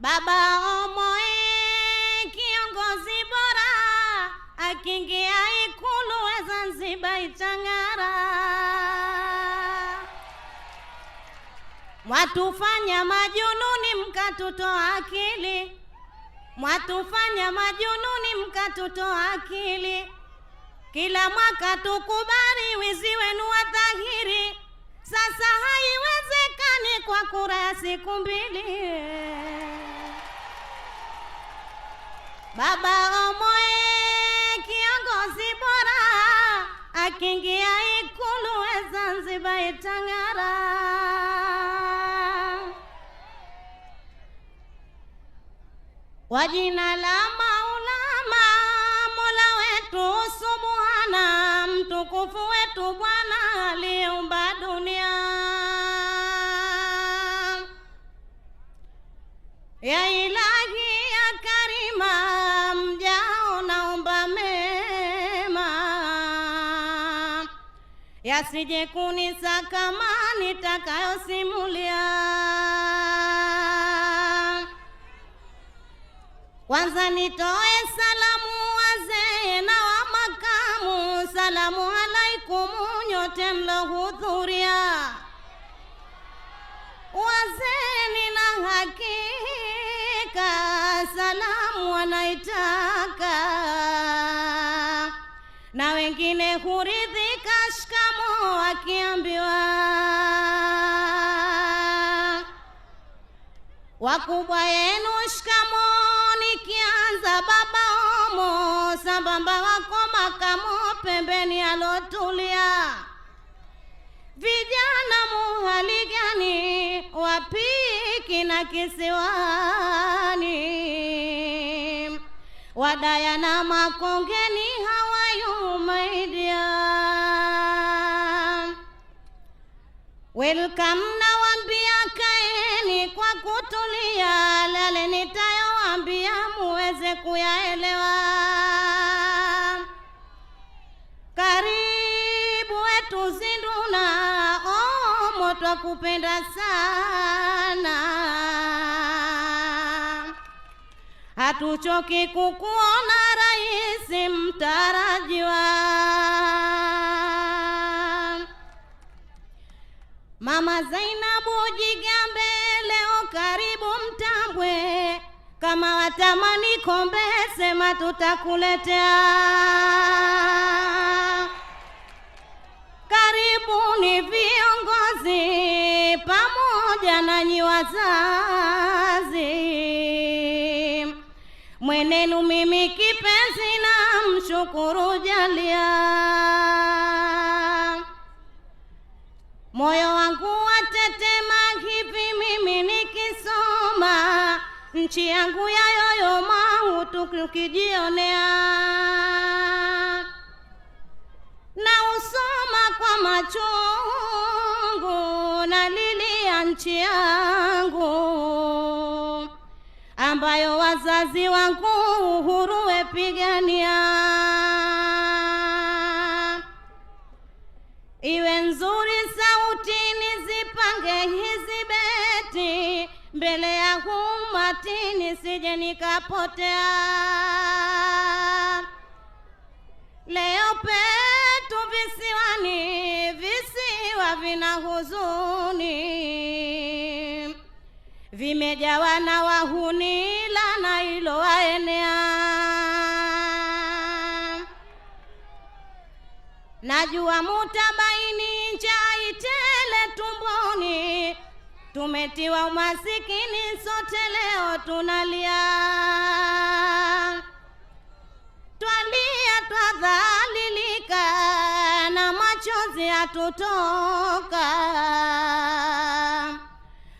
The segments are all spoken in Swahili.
Baba Omoe kiongozi bora, akiingia ikulu wa Zanzibar itang'ara. Mwatufanya majununi mkatutoa akili, mwatufanya majununi mkatutoa akili. Kila mwaka tukubali wizi wenu wa dhahiri, sasa haiwezekani kwa kura ya siku mbili. Baba Omoe kiongozi bora akiingia ikulu ya Zanzibar itang'ara. Kwa jina la maulama mola wetu subhana mtukufu wetu Bwana aliumba dunia ya Kasije kunisaka mani takayosimulia. Kwanza nitoe salamu wakubwa yenu shikamo, nikianza baba omo sambamba wako makamo pembeni alotulia, vijana muhaligani wapiki na kisiwani, wadaya na makongeni hawayumaidia welcome kutulia, lale nitayowaambia muweze kuyaelewa. Karibu wetu zinduna, oh moto kupenda sana, hatuchoki kukuona Rais mtarajiwa. Mama Zainabu Jiga Kama watamani kombe, sema tutakuletea. Karibuni viongozi, pamoja na wazazi, mwenenu mimi kipenzi na mshukuru jalia moyo nchi yangu ya yoyoma tukijionea na usoma kwa machungu na lili ya nchi yangu ambayo wazazi wangu uhuru wepigania iwe nzuri sauti nizipange hizi beti mbele ya huu wakati nisije nikapotea. Leo petu visiwani, visiwa vina huzuni, vimejawa na wahuni, lana ilo waenea. Najua mutabaini njaa itele tumboni Tumetiwa umasikini sote, leo tunalia, twalia, twadhalilika na machozi yatutoka.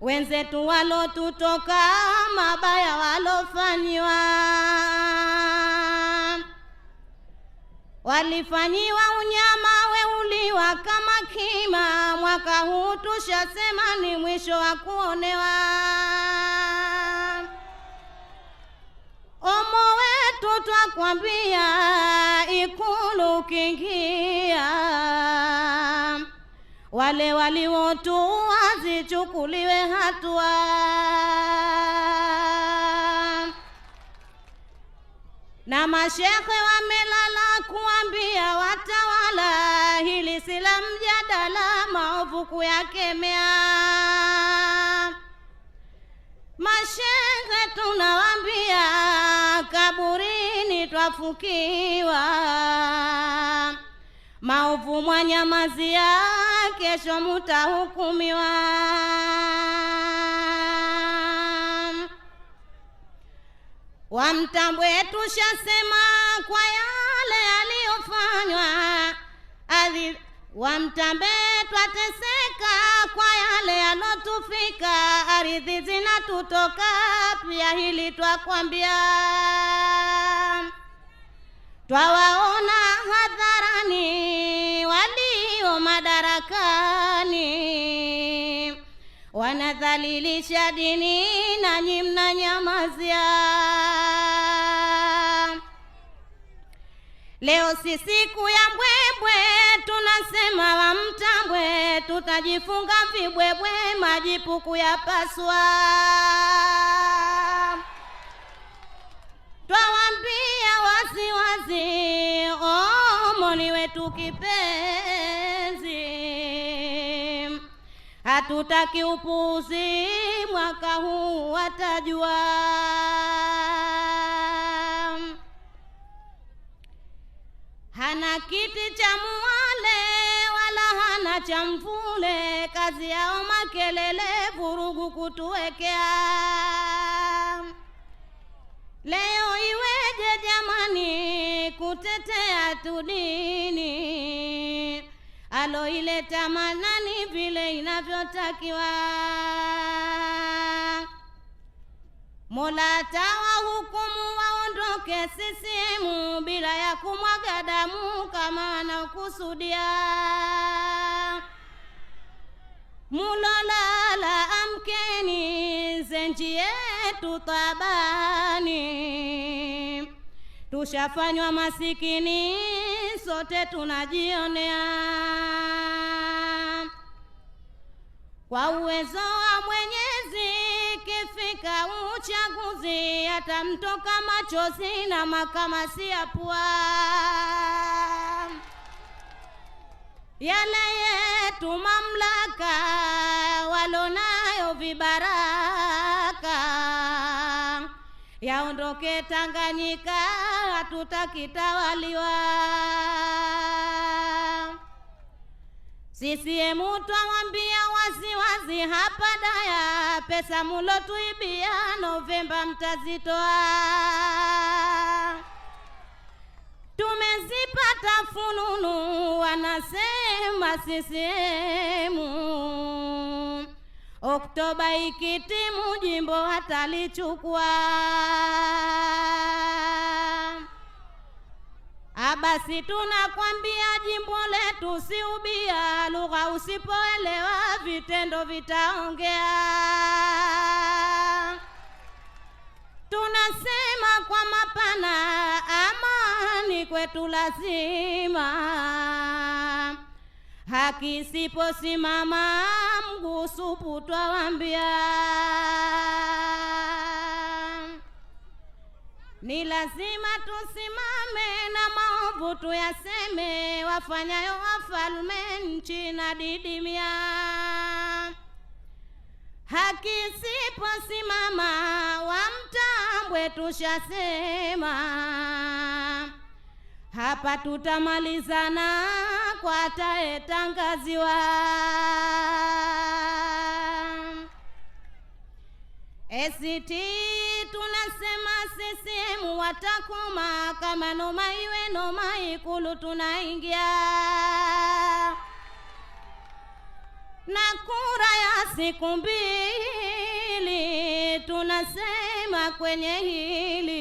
Wenzetu walotutoka mabaya walofanyiwa, walifanyiwa unyama kuolewa kama kima, mwaka huu tushasema ni mwisho wa kuonewa. Omo wetu twakwambia, Ikulu kingia wale waliotuua zichukuliwe hatua na mashekhe wamelala kuambia watawala, hili sila mjadala, maovu kuyakemea. Mashekhe tunawambia, kaburini twafukiwa, maovu mwanyamazia, kesho mutahukumiwa. Wamtambwe tushasema kwa yale yaliyofanywa, Wamtambe twateseka kwa yale yalotufika, aridhi zinatutoka pia, hili twakwambia. Twawaona hadharani mnadhalilisha dini nanyi mnanyamazia. Leo si siku ya mbwembwe, tunasema wa mtambwe, tutajifunga vibwebwe, majipuku yapaswa. Twawambia waziwazi tutakiupuzi mwaka huu watajua. Hana kiti cha Muwale wala hana cha Mfule, kazi yao makelele, vurugu kutuwekea. Leo iweje jamani, kutetea tudini aloileta Madhani vile inavyotakiwa. Mola hukumu waondoke CCM bila ya kumwaga damu kama anakusudia. Mulolala amkeni, zenji yetu tabani, tushafanywa masikini sote tunajionea kwa uwezo wa Mwenyezi. Ikifika uchaguzi, yatamtoka machozi na makamasi ya pua. Yale yetu mamlaka walonayo vibaraka yaondoke Tanganyika tutakitawaliwa. CCM twawambia waziwazi hapa daya, pesa mulotuibia Novemba mtazitoa. Tumezipata fununu, wanasema CCM Oktoba ikitimu jimbo hatalichukua. Abasi, ah, tunakwambia jimbo letu si ubia, lugha usipoelewa vitendo vitaongea. Tunasema kwa mapana, amani kwetu lazima, haki isiposimama mgusupu twawambia ni lazima tusimama na maovu yaseme, wafanyayo wafalme nchi na didimia. Haki siposimama wamtambwe, tushasema hapa tutamalizana kwa taetangaziwa ACT kama wataku mahakamano maiweno maikulu tunaingia na kura ya siku mbili, tunasema kwenye hili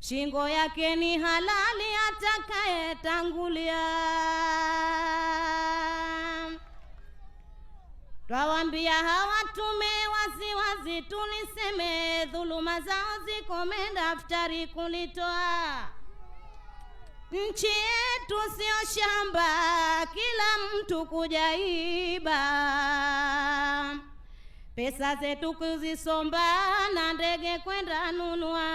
shingo yake ni halali atakayetangulia. twawambia hawatumewa wazi tuliseme, dhuluma zao zikome, daftari kulitoa. Nchi yetu sio shamba, kila mtu kujaiba. Pesa zetu kuzisomba, na ndege kwenda nunua.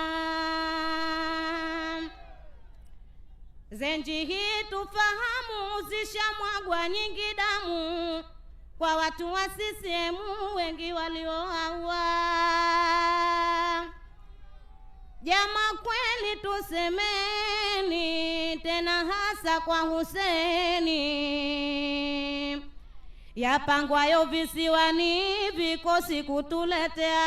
Zenji hii tufahamu, zishamwagwa nyingi damu kwa watu wa CCM wengi walioaua Jama, kweli tusemeni tena, hasa kwa Huseni, yapangwayo visiwani vikosi kutuletea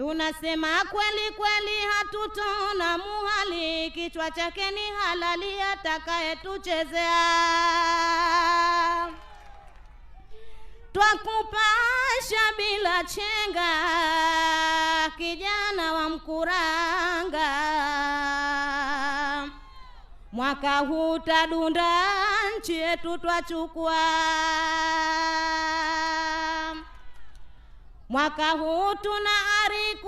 Tunasema kweli kweli, hatutona muhali, kichwa chake ni halali, atakayetuchezea twakupasha bila chenga, kijana wa Mkuranga, mwaka huu tadunda, nchi yetu twachukua mwaka huu tuna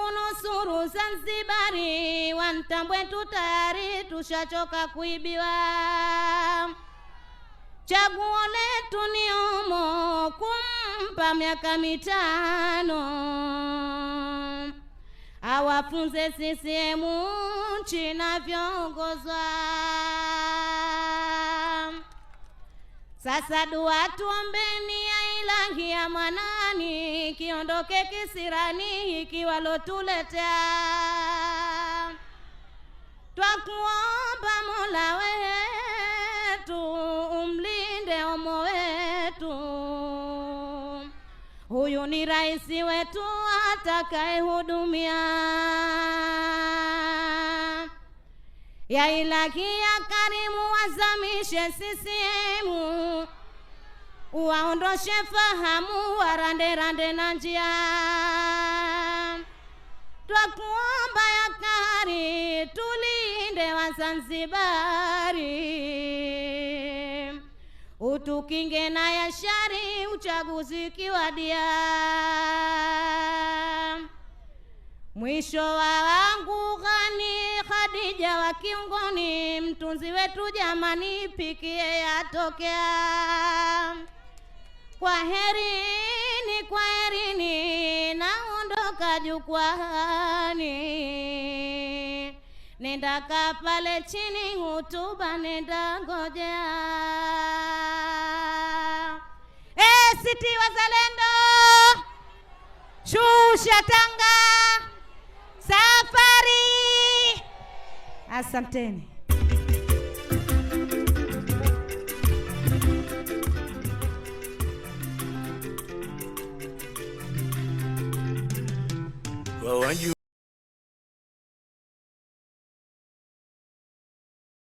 kunusuru Zanzibari, Wantambwe tutari, tushachoka kuibiwa. Chaguo letu ni umo, kumpa miaka mitano awafunze CCM nchi inavyoongozwa. Sasa dua tuombeni ya ilahi ya Manani kiondoke kisirani hiki walotuletea. Twakuomba Mola wetu umlinde Omo wetu, huyu ni rais wetu atakayehudumia ya ilahi ya karimu, wazamishe sisiemu uwaondoshe fahamu warande rande na njia. Twakuomba yakari, tulinde Wazanzibari, utukinge na yashari, uchaguzi kiwadia. Mwisho wa wangu Ghani Khadija wa kiungoni, mtunzi wetu jamani, pikie yatokea Kwaherini, kwaherini, naondoka jukwani. Nenda pale chini, hutuba nenda ngojea. Hey, siti Wazalendo, shusha tanga, safari. Asanteni.